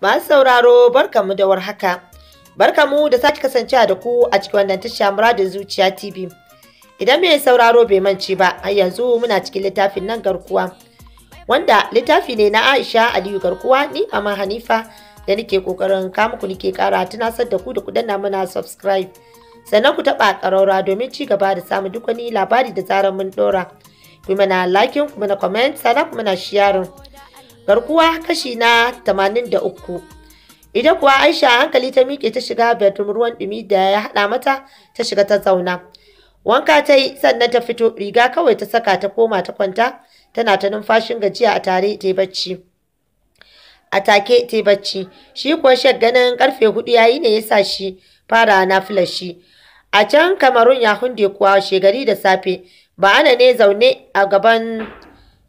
Masu sauraro barka barkamu da Barka mu da sake kasancewa da ku a cikin wannan tasha muradin zuciya TV. Idan mai sauraro bai mance ba, har yanzu muna cikin littafin nan garkuwa. Wanda littafi ne na Aisha Aliyu garkuwa ni amma Hanifa da nake kokarin ka muku nake kara tunasar da ku da ku danna muna subscribe. Sannan ku taɓa karaura domin ci gaba da samun duk wani labari da zarar mun dora Ku mana liking, ku mana comment, sannan ku mana sharing. garkuwa kashi na 83 idan kuwa aisha hankali ta miƙe ta shiga bedroom ruwan ɗumi da ya haɗa mata ta shiga ta zauna wanka ta yi sannan ta fito riga kawai ta saka ta koma ta kwanta tana ta numfashin gajiya a tare ta bacci a take ta bacci shi kuwa shek ganin karfe hudu yi ne ya sa shi fara na filashi a can kamarun ya hunde kuwa shegari da safe ba ana ne zaune a gaban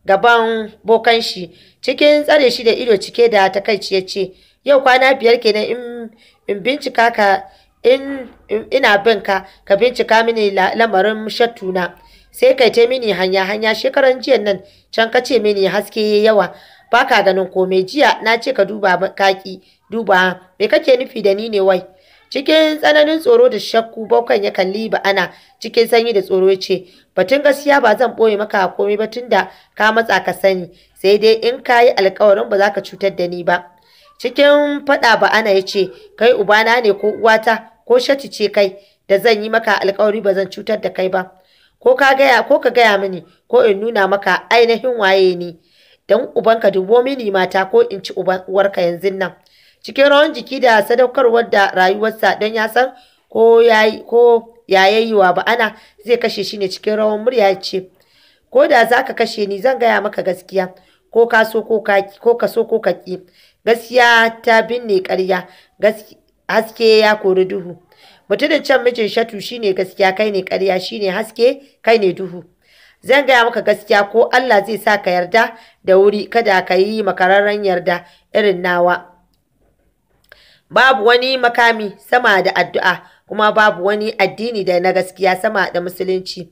gaban bokan shi cikin tsare shi da ido cike da takaici ya ce yau kwana biyar kenan in bincika ka in ina bin ka ka bincika mini lamarin shattuna sai kai ta mini hanya hanya shekaran jiya nan can ka ce mini haske yawa baka ganin komai jiya na ce ka duba kaki duba me kake nufi da ni ne wai Cikin tsananin tsoro da shakku baukan ya kalli ba'ana cikin sanyi da tsoro ce batun gaskiya ba zan boye maka komai ba tunda ka matsa ka sani sai dai in ka yi alkawarin ba za ka cutar da ni ba. Cikin faɗa ba'ana ya ce kai ubana ne ko uwata ko shati ce kai da zan yi maka alkawari ba zan cutar da kai ba. Ko ka gaya ko ka gaya mini ko in nuna maka ainihin waye ni. Dan ubanka dubo mini mata ko in ci uban uwarka yanzu nan. cikin rawan jiki da sadaukarwar da rayuwarsa don ya san ko ya yi wa ba'ana zai kashe shi ne cikin rawan murya ce ko da za ka kashe ni zan gaya maka gaskiya ko ka so ko ka so ko ka ki gaskiya ta binne ƙarya haske ya kori duhu mutumin can mijin shatu shine gaskiya kai ne ƙarya shine haske kai ne duhu zan gaya maka gaskiya ko Allah zai sa ka yarda da wuri kada ka yi makararren yarda irin nawa babu wani makami sama da addu'a kuma babu wani addini da na gaskiya sama da musulunci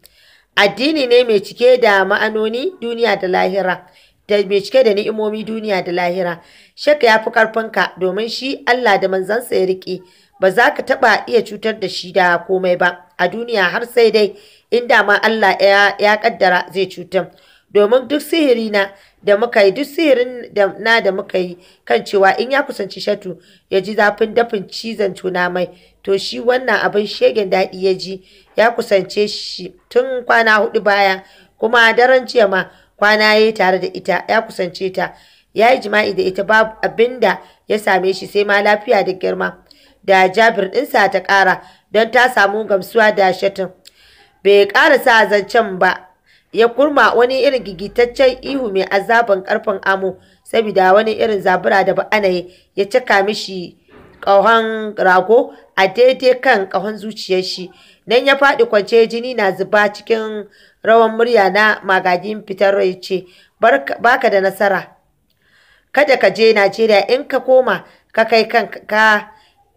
addini ne mai cike da ma'anoni duniya da lahira da mai cike da ni'imomi duniya da lahira shakka ya fi karfinka domin shi Allah da manzansa ya riƙe ba za ka taɓa iya cutar da shi da komai ba a duniya har sai dai inda ma Allah ya ƙaddara zai cutar domin duk sihiri na da muka yi duk sihirin na da muka yi kan cewa in ya kusanci shatu ya ji zafin dafin cizon tuna mai to shi wannan abin shegen daɗi ya ji ya kusance shi tun kwana hudu baya kuma daren jiya ma kwana ya yi tare da ita ya kusance ta ya yi jima'i da ita babu abin da ya same shi sai ma lafiya da girma da jabir ɗinsa ta ƙara don ta samu gamsuwa da shatin bai ƙara sa zancen ba ya kurma wani irin gigitaccen ihu mai azaban karfin amo saboda wani irin zabura da ba'ana ya cika mishi ƙahon rago a daidai kan ƙahon zuciyar shi nan ya faɗi kwance jini na zuba cikin rawan murya na magajin fitar rai ce baka da nasara kada ka je najeriya in ka koma ka kai kan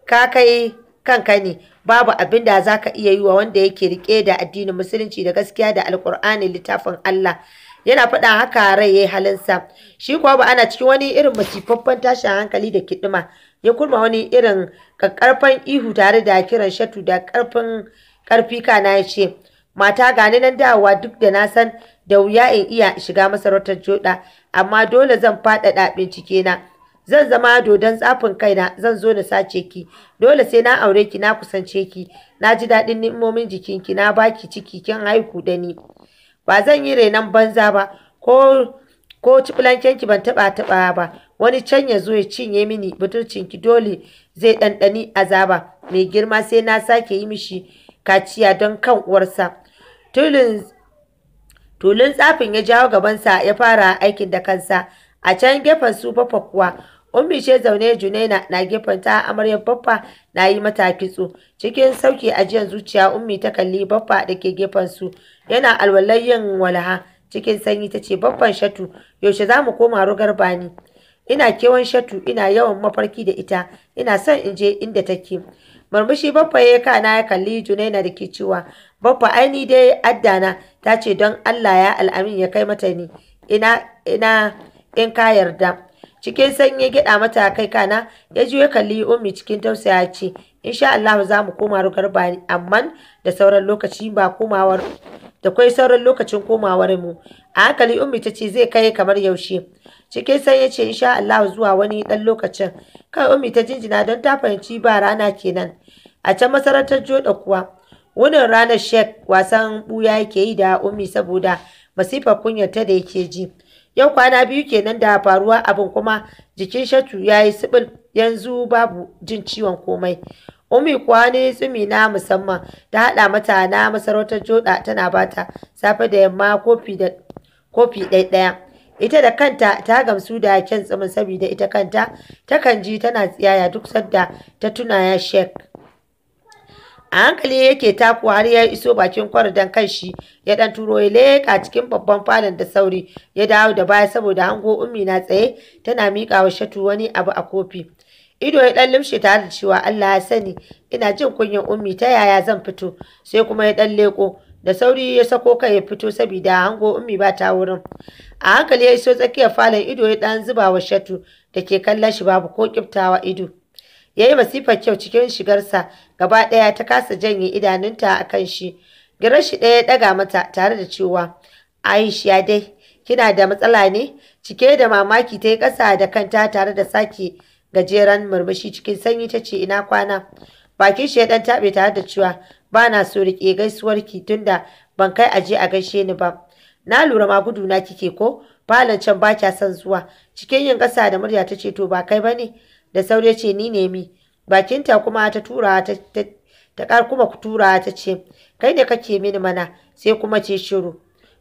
ka kai kanka ne babu abin da za ka iya yi wa wanda yake rike da addinin musulunci da gaskiya da alkur'ani littafin Allah yana faɗa haka rai yayi halinsa shi kuwa ba ana cikin wani irin masifaffen tashin hankali da kiɗima ya kurma wani irin ƙarfan ihu tare da kiran shatu da ƙarfin ƙarfi kana ya ce mata gani nan dawowa duk da na san da wuya in iya shiga masarautar joɗa amma dole zan faɗaɗa bincike na zan zama dodon tsafin kaina zan zo na sace ki dole sai na aure ki na kusance ki na ji daɗin jikin ki na baki ciki kin haihu da ni ba zan yi renon banza ba ko ko ki ban taɓa taɓa ba wani can ya zo ya cinye mini ki dole zai ɗanɗani azaba mai girma sai na sake yi mishi kaciya don kan uwarsa tulun tsafin ya jawo gabansa ya fara aikin da kansa a can gefen su fafa kuwa Ummi ce zaune Junaina na gefen ta amaryar Baffa na yi mata kitso. Cikin sauki ajiyar zuciya Ummi ta kalli Baffa da ke gefen su. Yana alwalar yin walaha cikin sanyi ta ce Baffan Shatu yaushe za mu koma rugar bani. Ina kewan Shatu ina yawan mafarki da ita ina son in je inda take. Murmushi Baffa ya kana ya kalli Junaina da ke cewa Baffa aini dai addana ta ce don Allah ya al'amin ya kai mata ni ina ina in ka yarda. cikin sanyi ya gyaɗa mata kai kana ya juya kalli ummi cikin tausaya ce insha Allah za mu koma rugar bani amma da sauran lokaci ba komawar da kwai sauran lokacin komawar mu a hankali ummi ta ce zai kai kamar yaushe cikin sanyi ce insha Allah zuwa wani dan lokacin kai ummi ta jinjina don ta fahimci ba rana kenan a can masarautar joda kuwa Wannan ranar shek wasan buya yake yi da ummi saboda masifar kunyar ta da yake ji Yau kwana biyu kenan da faruwa abin kuma jikin Shatu ya yi sibil yanzu babu jin ciwon komai. Umi kuwa ne tsumi na musamman ta haɗa mata na masarautar joda tana bata safe da yamma kofi da kofi ɗaya Ita da kanta ta gamsu da kyan tsumin saboda ita kanta takan ji tana tsiyaya duk sadda ta tuna ya shek. a hankali yake takuwa har ya iso bakin kwaro don shi, ya dan turo ya leƙa cikin babban falon da sauri ya dawo da baya saboda hango ummi na tsaye tana miƙa wa shatu wani abu a kofi ido ya dan limshe tare da cewa Allah ya sani ina jin kunyan ummi ta yaya zan fito sai kuma ya dan leko da sauri ya sako kai ya fito saboda hango ummi ba ta wurin a hankali ya iso tsakiyar falon ido ya dan zuba wa shatu da ke kallon shi babu ko kiftawa ido ya yi masifar kyau cikin shigarsa gaba ɗaya ta kasa janye idanunta a kan shi girar shi ɗaya ɗaga mata tare da cewa aisha dai kina da matsala ne cike da mamaki ta yi ƙasa da kanta tare da sake gajeren murmushi cikin sanyi ta ce ina kwana bakin shi ya ɗan taɓe tare da cewa ba na so riƙe ki, tunda ban kai aje a gaishe ni ba na lura ma gudu na kike ko falon can ba kya son zuwa cikin yin ƙasa da murya ta ce to ba kai ba ne da sauri ya ce ni ne mi bakinta kuma ta tura ta ta kuma tura ta ce kai ne kake mini mana sai kuma ce shiru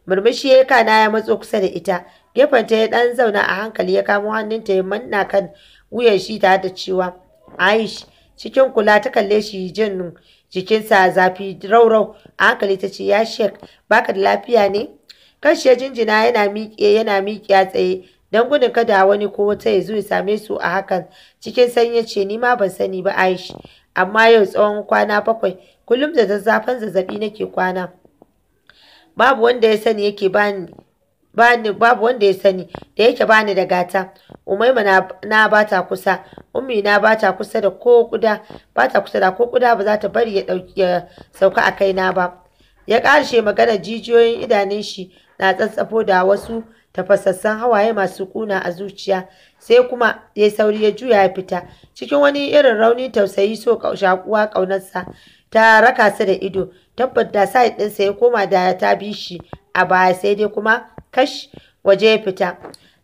murmushi ya kana ya matso kusa da ita ta ya dan zauna a hankali ya kamo hannunta ya manna kan wuyan shi ta da cewa aish cikin kula ta kalle shi jin jikinsa zafi raurau a hankali ta ce ya shek baka da lafiya ne kan jinjina yana miƙe yana miƙe tsaye don gudun kada wani ko wata ya zo ya same su a hakan cikin sanyi ce ni ma ban sani ba Aisha. amma yau tsawon kwana bakwai kullum da zazzafan zazzabi nake kwana babu wanda ya sani yake bani bani babu wanda ya sani da yake bani da gata umaima na, na bata kusa ummi na bata kusa da ko kuda bata kusa da ko kuda ba za ta bari ya, ya sauka a kaina ba ya karshe magana jijiyoyin idanun shi na tsatsafo da wasu tafasassan hawaye masu kuna a zuciya sai kuma ya sauri ya juya ya fita cikin wani irin rauni tausayi so shakuwa ƙaunarsa ta raka su da ido tabbata sa'id ɗinsa ya koma da ta bi shi a baya sai dai kuma kash waje ya fita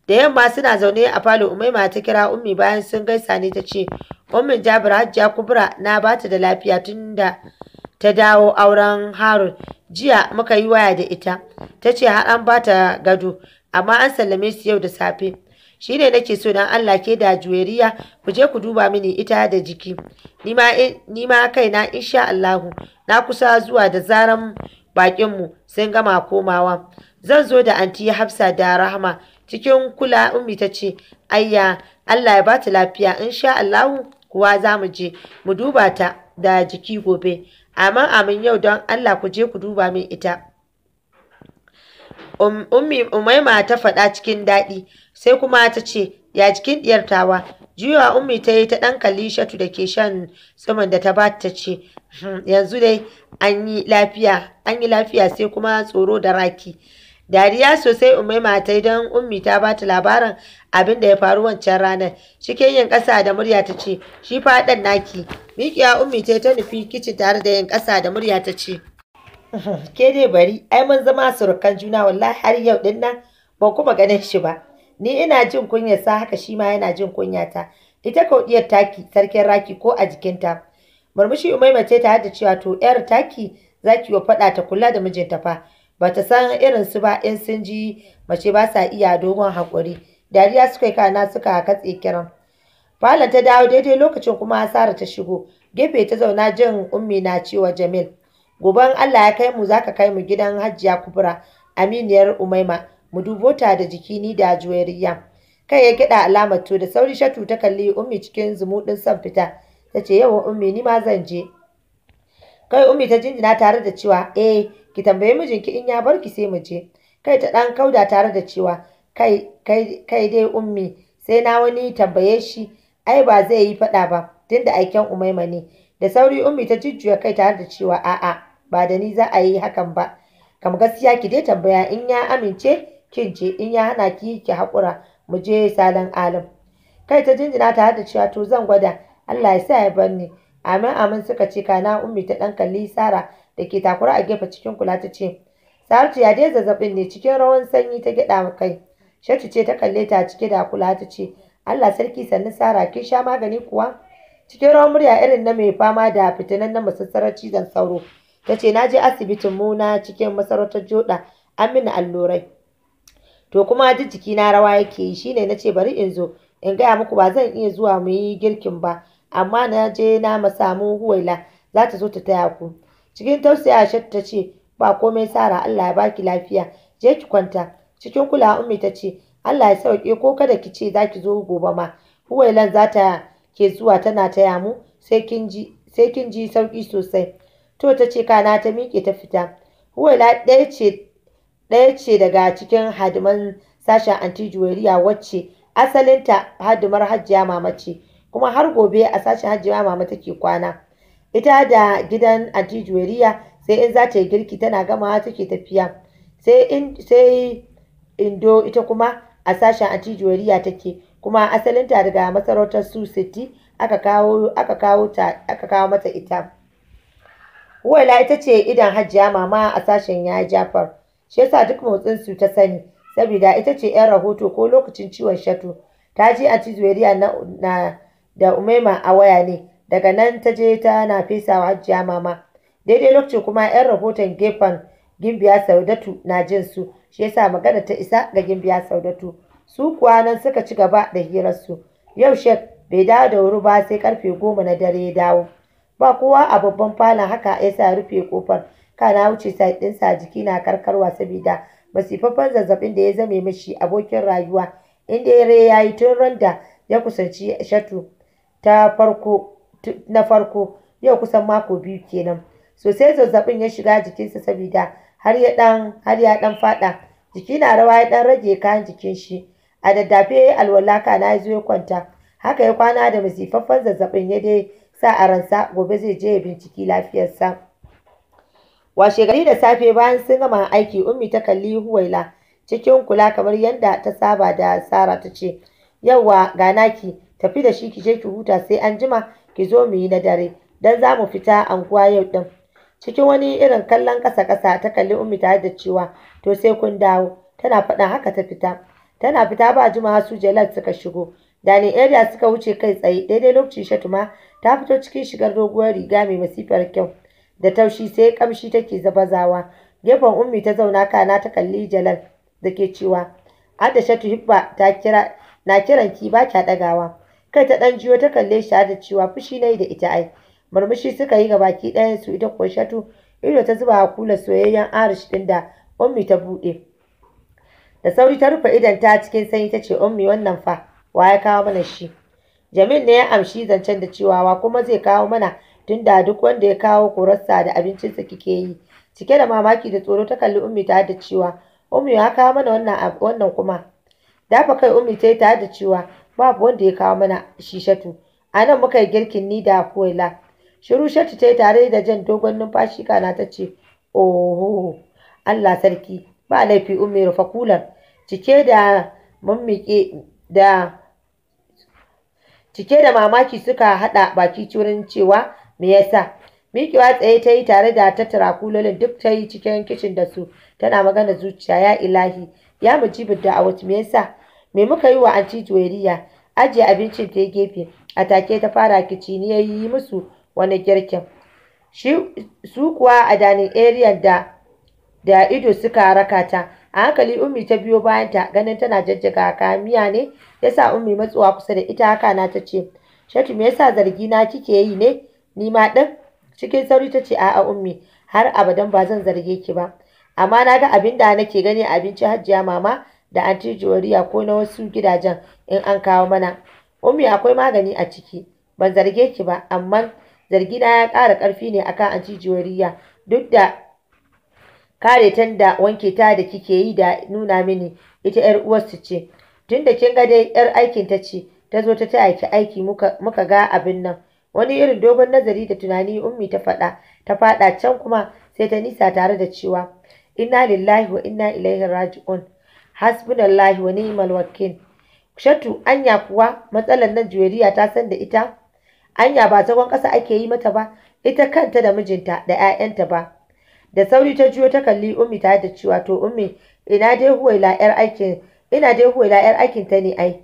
da yamma suna zaune a falo umaima ta kira ummi bayan sun gaisa ne ta ce ummin jabira hajjiya kubra na bata da lafiya tun da ta dawo auren harun jiya muka yi waya da ita ta ce har an bata gado amma an sallame su yau da safe shi ne nake so don Allah ke da juweriya ku je ku duba mini ita da jiki ni ma eh, kaina insha Allahu na kusa zuwa da zaran bakinmu sun gama komawa zan zo da anti Hafsa da Rahama cikin kula ummi ta ce ayya Allah ya ba ta lafiya insha Allahu kuwa za mu je mu duba ta da jiki gobe amma amin yau don Allah ku je ku duba min ita Um, ummi umaima ta faɗa cikin daɗi sai kuma ta ce ya jikin ɗiyar tawa juyawa ummi ta yi ta ɗan kalli shatu da ke shan tsumin da ta ba ta ce hmm, yanzu dai an yi lafiya an lafiya sai kuma tsoro da raki dariya sosai umaima ta yi don ummi ta ba ta labarin abin da ya faru wancan ranar cikin yin ƙasa da murya ta ce shi faɗan naki mikiya ummi ta yi ta nufi kicin tare da yin ƙasa da murya ta ce ke dai bari ai mun zama surukan juna wallahi har yau din nan ban kuma ganin shi ba ni ina jin kunyar sa haka shi ma yana jin kunya ta ita kaudiyar taki sarkin raki ko a jikinta murmushi umaima ce ta hada cewa to yar taki zaki wa fada ta kula da mijinta fa Ba ta san irin su ba in sun ji mace ba sa iya dogon hakuri dariya suka yi kana suka katse kiran Falon ta dawo daidai lokacin kuma Asara ta shigo. Gefe ta zauna jin ummi na cewa Jamil. Goben, Allah ya kai mu zaka kai mu gidan Hajiya Kubra aminiyar Umaima mu dubo ta da jiki ni da juwariya kai ya kida alamar to da sauri shatu ta kalli ummi cikin din son fita tace ce ummi ni ma zan je kai ummi ta jinjina tare da cewa eh ki tambayi mijinki in ya bar ki sai mu je kai ta ɗan kauda tare da cewa kai kai kai dai ummi sai na wani tambaye shi ai ba zai yi faɗa ba tunda aiken umaima ne da sauri ummi ta jujjuya kai tare da cewa a'a ba da ni za a yi hakan ba kam gaskiya ki dai tambaya in ya amince kin je in ya hana ki ki hakura mu je salon alim kai ta jinjina ta da cewa to zan gwada Allah ya sa ya bar ni amin amin suka ce kana ummi ta dan kalli Sara da ke takura a gefe cikin kula ta ce Saratu ya dai zazzabin ne cikin rawan sanyi ta gyaɗa kai Shatu ce ta kalle ta cike da kula ta ce Allah sarki sannu Sara kin sha magani kuwa cikin rawan murya irin na mai fama da fitinan na musassarar cizon sauro ta ce na je asibitin na cikin masarautar joda Amina mini allurai to kuma duk na rawa yake yi shine na ce bari in zo in gaya muku ba zan iya zuwa mu yi girkin ba amma na je na ma samu huwaila za ta zo ta taya ku cikin tausaya shat ta ce ba komai sara Allah ya baki lafiya je ki kwanta cikin kula ummi ta ce Allah ya sauke ko kada ki ce za ki zo gobe ma huwailan za ta ke zuwa tana taya mu sai sai kin ji sauki sosai to ta ce kana ta miƙe ta fita huwaila ɗaya ce ɗaya ce daga cikin hadiman sashen anti juwariya wacce asalinta hadimar hajjiya mama ce kuma har gobe a sashen hajjiya mama take kwana ita da gidan anti juwariya sai in za ta yi girki tana gamawa take tafiya sai in sai indo ita kuma a sashen anti juwariya take kuma asalinta daga masarautar su city aka kawo aka kawo ta aka kawo mata ita Uwaila ita ce idan Hajiya mama a sashen Yaya Jafar. Shi yasa duk motsin su ta sani saboda ita ce yan rahoto ko lokacin ciwon shatu. Ta ji a na, na da Umaima a waya ne. Daga nan ta je tana fesa wa Hajiya mama. Daidai lokacin kuma yan rahoton gefen Gimbiya Saudatu na jin su. Shi yasa magana ta isa ga Gimbiya Saudatu. Su kuwa nan suka ci gaba da hirarsu. Yau shek, bai dawo da wuri ba sai karfe goma na dare ya dawo. ba kowa a babban falon haka ya sa rufe kofar kana wuce sa ɗinsa jiki na karkarwa saboda masifafan zazzabin da ya zame mashi abokin rayuwa inda ya ya yayi tun randa ya kusanci shatu ta farko na farko yau kusan mako biyu kenan sosai zazzabin ya shiga jikinsa saboda har ya dan har ya dan fada jiki na rawa ya dan rage kayan jikin shi a daddafe alwala kana ya zo ya kwanta haka ya kwana da masifafan zazzabin ya dai sa a ransa gobe zai je ya binciki lafiyarsa washe gari da safe bayan sun gama aiki ummi ta kalli huwaila cikin kula kamar yadda ta saba da sara ta ce yauwa ga naki tafi da shi ki je ki huta sai an jima ki zo mu yi na dare dan za mu fita anguwa yau din cikin wani irin kallon ƙasa-ƙasa ta kalli ummi tare da cewa to sai kun dawo tana faɗa haka ta fita tana fita ba jimawa su jalal suka shigo Dani area suka wuce kai tsaye daidai lokacin shatu ma ta fito cikin shigar doguwar riga mai masifar kyau da taushi sai kamshi take zabazawa gefen ummi ta zauna kana ta kalli jalal da ke cewa da shatu hibba ta kira na kiran ki ba kya dagawa kai ta dan jiyo ta kalle shi da cewa fushi nayi da ita ai murmushi suka yi ki ɗayan su ita ko shatu ido ta zuba a kula soyayyen arish din da ummi ta buɗe da sauri ta rufe idan ta cikin sanyi tace ummi wannan fa wa ya kawo mana shi jamil ne ya amshi zancen da cewa wa kuma zai kawo mana tunda duk wanda ya kawo kurarsa da abincinsa kike yi cike da mamaki da tsoro ta kalli ummi ta da cewa ummi ya kawo mana wannan wannan kuma dafa kai ummi ta yi ta da cewa babu wanda ya kawo mana shishatu a nan muka yi girkin ni da koila shiru shatu ta tare da jan dogon numfashi kana ta ce oho allah sarki ba laifi ummi rufa kular cike da mummike da Cike da mamaki suka haɗa baki cikin cewa me yasa. Mikiwa tsaye ta yi tare da tattara kulolin duk ta yi cikin kicin da su tana magana zuciya ya ilahi ya mujibu da awut me yasa me muka yi wa anti juweriya ajiye abincin ta gefe a take ta fara kicini ya yi musu wani girkin su kuwa a danin area da da ido suka rakata. a hankali ummi ta biyo bayan ta ganin tana jajjaga miya ne yasa ummi matsuwa kusa da ita haka na ta ce shatu me yasa zargi na kike yi ne ni ma din cikin sauri ta ce a'a ummi har abadan ba zan zarge ki ba amma na ga abin da nake gani abinci hajjiya mama da anti juwariya ko na wasu gidajen in an kawo mana ummi akwai magani a ciki ban zarge ki ba amma zargina ya kara karfi ne akan anti joriya duk da kare tan da wanke ta da kike yi da nuna mini ita yar uwarsu ce tunda kin ga dai yar aikin ta ce ta zo ta taya ki aiki muka muka ga abin nan wani irin dogon nazari da tunani ummi ta faɗa ta faɗa can kuma sai ta nisa tare da cewa inna lillahi wa inna ilaihi raji'un hasbunallahi wa ni'mal wakil shatu anya kuwa matsalar nan juweriya ta san da ita anya ba zagon ƙasa ake yi mata ba ita kanta da mijinta da 'ya'yanta ba da sauri ta juyo ta kalli ummi ta da cewa to ummi ina dai huwaila yar aikin ina dai huwaila yar aikin ta ne ai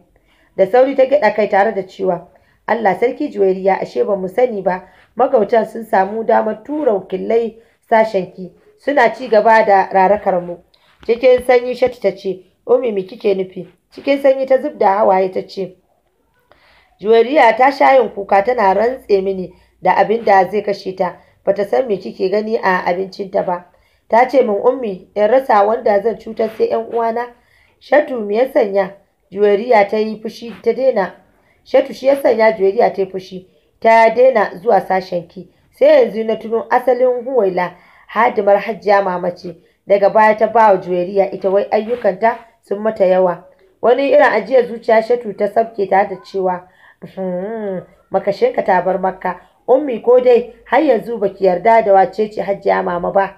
da sauri ta gida kai tare da cewa Allah sarki juwairiya ashe ba mu sani ba magautan sun samu damar tura wakilai ki? suna ci gaba da rarakar mu cikin sanyi shatu ta ce ummi me kike nufi cikin sanyi ta zub da hawaye ta ce juwairiya ta shayin kuka tana rantse mini da abinda zai kashe ta bata san me kike gani a abincinta ba ta ce min ummi in rasa wanda zan cutar sai yan uwana shatu me ya sanya juwariya ta yi fushi ta daina shatu shi ya sanya juwariya ta yi fushi ta daina zuwa sashen ki sai yanzu na tuno asalin huwaila hadimar hajjiya mamace daga baya ta bawa wa juwariya ita wai ayyukanta sun mata yawa wani irin ajiyar zuciya shatu ta sabke ta da cewa hmm, makashinka ta bar makka ummi ko dai har yanzu baki yarda da wace ce hajjiya mama ba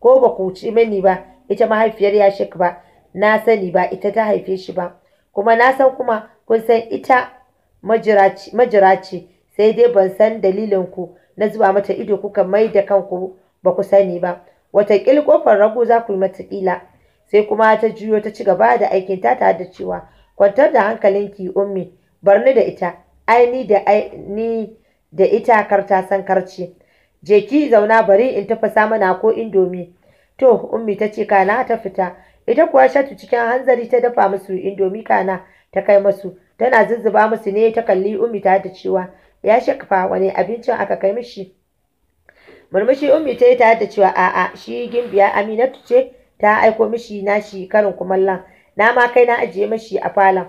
ko ba ku ci mani ba ita mahaifiyar yashik ba na sani ba ita ta haife shi ba kuma na san kuma kun san ita majira ce sai dai ban san dalilin ku na zuba mata ido kuka mai da kanku ba ku sani ba watakil kofar rago za ku yi mata kila sai kuma ta juyo ta ci gaba da aikin ta tare da cewa kwantar da hankalinki ummi barni da ita ai ni da ai ni da ita karta san karci je zauna bari in tafasa mana ko indomi to ummi ta ce kana ta fita ita kuwa shatu cikin hanzari ta dafa musu indomi kana ta kai musu tana zuzzuba musu ne ta kalli ummi ta da cewa ya shakfa wani abincin aka kai mishi murmushi ummi ta yi ta da cewa a'a shi gimbiya aminatu ce ta aiko mishi nashi karin kumallon na ma kai na ajiye mishi a falon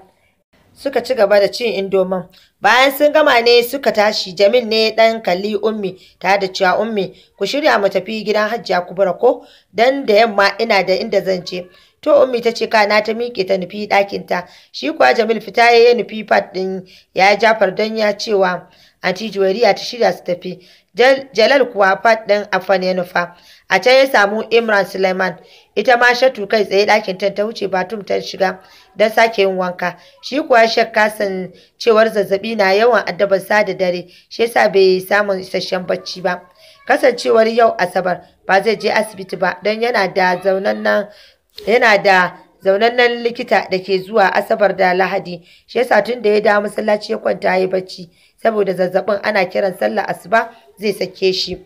suka ci gaba da cin indomin bayan sun gama ne suka tashi jamil ne dan kalli ummi Ta da cewa ummi ku shirya mu tafi gidan hajjiya kubura ko dan da yamma ina da inda zan je to ummi ta ce kana ta miƙe ta nufi ɗakin ta shi kuwa jamil fita ya yi nufi fat ɗin ya jafar don ya cewa anti juwariya ta shirya su tafi jalal kuwa fat ɗin afan ya nufa a can ya samu imran suleiman ita ma shatu kai tsaye ɗakin ta wuce batum ta shiga don sake yin wanka shi kuwa shakka san cewar zazzabi na yawan addabar sa da dare shi yasa bai samun isasshen bacci ba kasancewar yau asabar ba zai je asibiti ba don yana da zaunannen yana da likita da ke zuwa asabar da lahadi shi yasa tun da ya dawo masallaci ya kwanta ya yi bacci saboda zazzabin ana kiran sallah asuba zai sake shi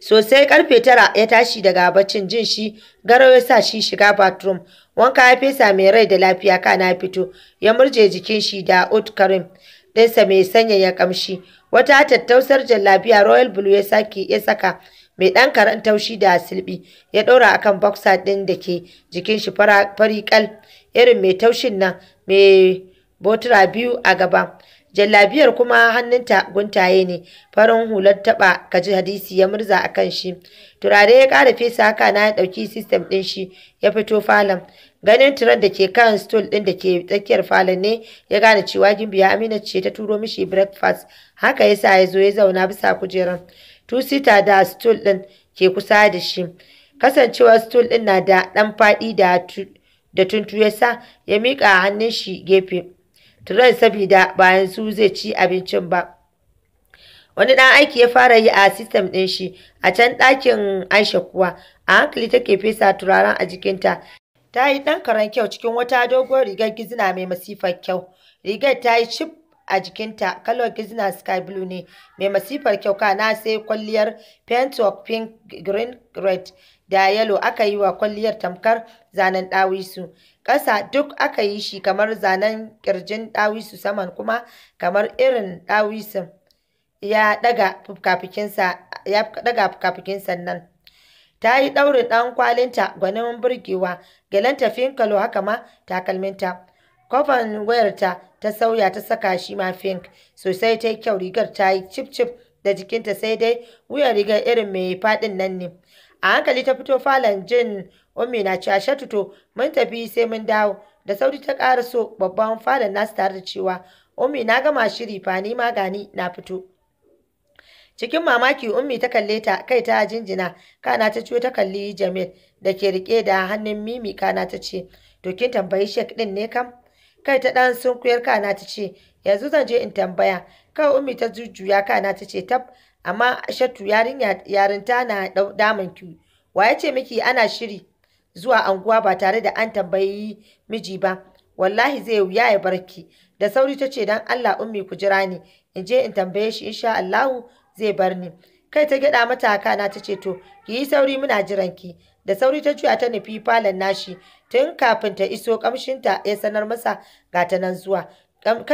sosai karfe tara ya tashi daga baccin jin shi garo ya sa shi shiga bathroom wanka ya fesa mai rai da lafiya kana ya fito ya murje jikin shi da oat cream ɗinsa mai ya kamshi wata tattausar jallabiya royal blue ya sake ya saka mai ɗan karen taushi da silbi ya ɗora akan boxer ɗin da ke jikin shi fari irin mai taushin nan mai botura biyu a gaba jallabiyar kuma hannunta guntaye ne farin hular taba ji hadisi ya murza a kan shi turare ya kara fesa haka na ya ɗauki sistem ɗin shi ya fito falon ganin turar da ke kan stool ɗin da ke tsakiyar falon ne ya gane cewa gimbiya amina ce ta turo mishi breakfast haka yasa ya zo ya zauna bisa kujeran tusita da stool ɗin ke kusa da shi kasancewar stool ɗin na da ɗan faɗi da tuntu ya sa ya miƙa hannun shi gefe Turan sabida bayan su zai ci abincin ba. Wani ɗan aiki ya fara yi a sistem ɗin shi, a can ɗakin Aisha kuwa, a hankali take fesa turaren a jikinta. Ta yi ɗan karen kyau cikin wata doguwar rigar gizina mai masifar kyau. Rigar ta yi cif a jikinta, kalar gizina sky blue ne, mai masifar kyau kana sai kwalliyar pentwork pink, green, red da yellow aka yi wa kwalliyar tamkar zanen ɗawisu. ƙasa duk aka yi shi kamar zanen ƙirjin ɗawisu saman kuma kamar irin ɗawisun ya ɗaga fukafikinsa nan. Ta yi ɗaurin ɗan kwalinta gwanin burgewa, tafin kalo haka ma takalminta. Kofan wayarta ta sauya ta saka shi ma fink sosai ta kyau rigar ta yi cif-cif da jikinta sai dai wuyan rigar irin mai faɗin nan ne. a hankali ta fito falon jin ummi na cewa shatuto mun tafi sai mun dawo da sauri ta ƙara so babban falon nasu tare da cewa ummi na gama shiri fa ni ma na fito cikin mamaki ummi ta kalle ta kai ta jinjina kana ta ciwo ta kalli jamil da ke rike da hannun mimi kana ta ce to kin tambayi shek din ne kam kai ta dan sunkuyar kana ta ce yanzu zan je in tambaya kai ummi ta jujjuya kana ta ce tab amma Ashatu yarinya yarinta na damun ki wa ya ce miki ana shiri zuwa anguwa ba tare da an tambayi miji ba wallahi zai wuya ya barki da sauri ta ce dan Allah ummi ku jira ni in je in tambaye shi insha Allahu zai bar ni kai ta gyada mata kana ta ce to ki yi sauri muna jiran ki da sauri ta juya ta nufi falon nashi tun kafin ta iso kamshinta ya sanar masa ga ta nan zuwa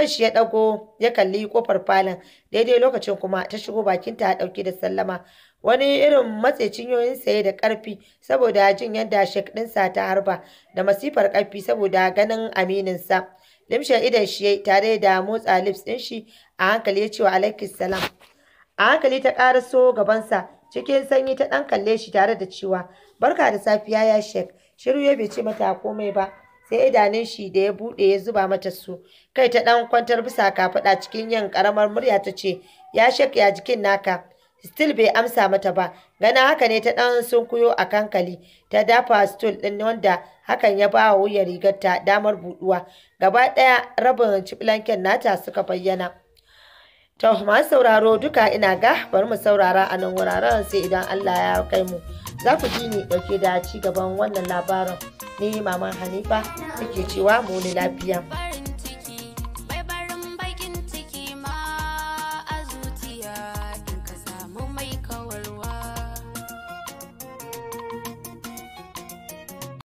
shi ya ɗago ya kalli kofar falon daidai lokacin kuma ta shigo bakinta a ɗauki da sallama wani irin matse cinyoyin saye da karfi saboda jin yadda shek ɗinsa ta harba da masifar ƙarfi saboda ganin amininsa limshe idan shi tare da motsa lips ɗin shi a hankali ya ce wa alaikis salam a hankali ta gaban sa, cikin sanyi ta ɗan kalle shi tare da cewa barka da safiya ya shek shiru ya bai ce mata komai ba sai idanun shi da ya buɗe ya zuba mata su kai ta dan kwantar bisa kafaɗa cikin yin karamar murya ta ce ya shakya jikin naka still bai amsa mata ba gana haka ne ta ɗan sunkuyo a kankali ta dafa stool din wanda hakan ya ba wa rigar ta damar buduwa. gaba ɗaya rabin ciblanken nata suka bayyana to masu sauraro duka ina ga bari mu saurara a nan wuraren sai idan allah ya kai mu za ku ji ni ɗauke da ci gaban wannan labarin ni maman hanifa take cewa mu ne lafiya